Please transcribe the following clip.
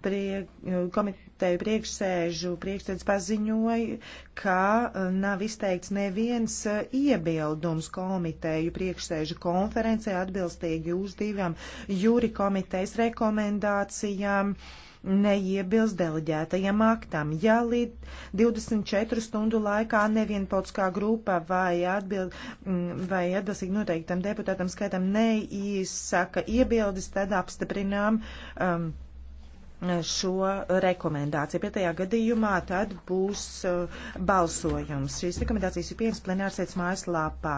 Prie, eh, komiteju priekšsēžu priekšsēdz paziņoja, ka eh, nav izteikts neviens eh, iebildums komiteju priekšsēžu konferencē atbilstīgi uz divām jūri komitejas rekomendācijām neiebilst deleģētajam aktam. Ja līdz 24 stundu laikā neviena politiskā grupa vai, atbild, mm, vai atbilstīgi noteiktam deputātam skaitam neizsaka iebildes, tad apstiprinām um, šo rekomendāciju. Pētajā gadījumā tad būs uh, balsojums. Šīs rekomendācijas ir pieejamas plenārsēdes mājas lapā.